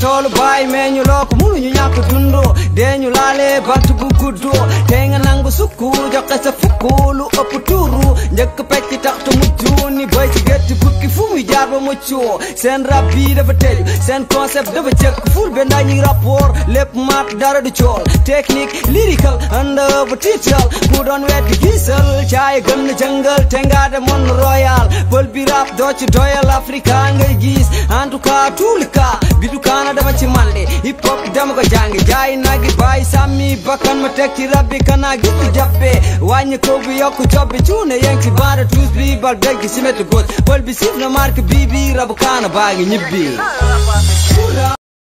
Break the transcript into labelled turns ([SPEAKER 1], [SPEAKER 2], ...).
[SPEAKER 1] tolu bay meñu loko munu nyu nyakut mundo deñu lale batu gugudo kasa fukulu ëpp tuuru njëkk pecc tax te mujju ni bay get to bukki fu muy jaar ba muccoo sen rab bi dafa teju seen concept dafa jëkk ful be ndaa rapport lépp dara du cool technique lyrical and bu tiital ku doon weet gi gisal caay gën na jëngal royal pël bi rap doo ci doyal africa ngay gis en tout cas tout le cas bi du ci hip hop dem ko jàng jaay nag sami, bàyyi sàmmi bakkan ma teg ci rab bi kanaa gi ko jàppe wàññi ko bi yokku cob bi cuune yeng ci baara tuus bi bal beg gi simétu góot bi siif na marque bii bii rabu kaana baa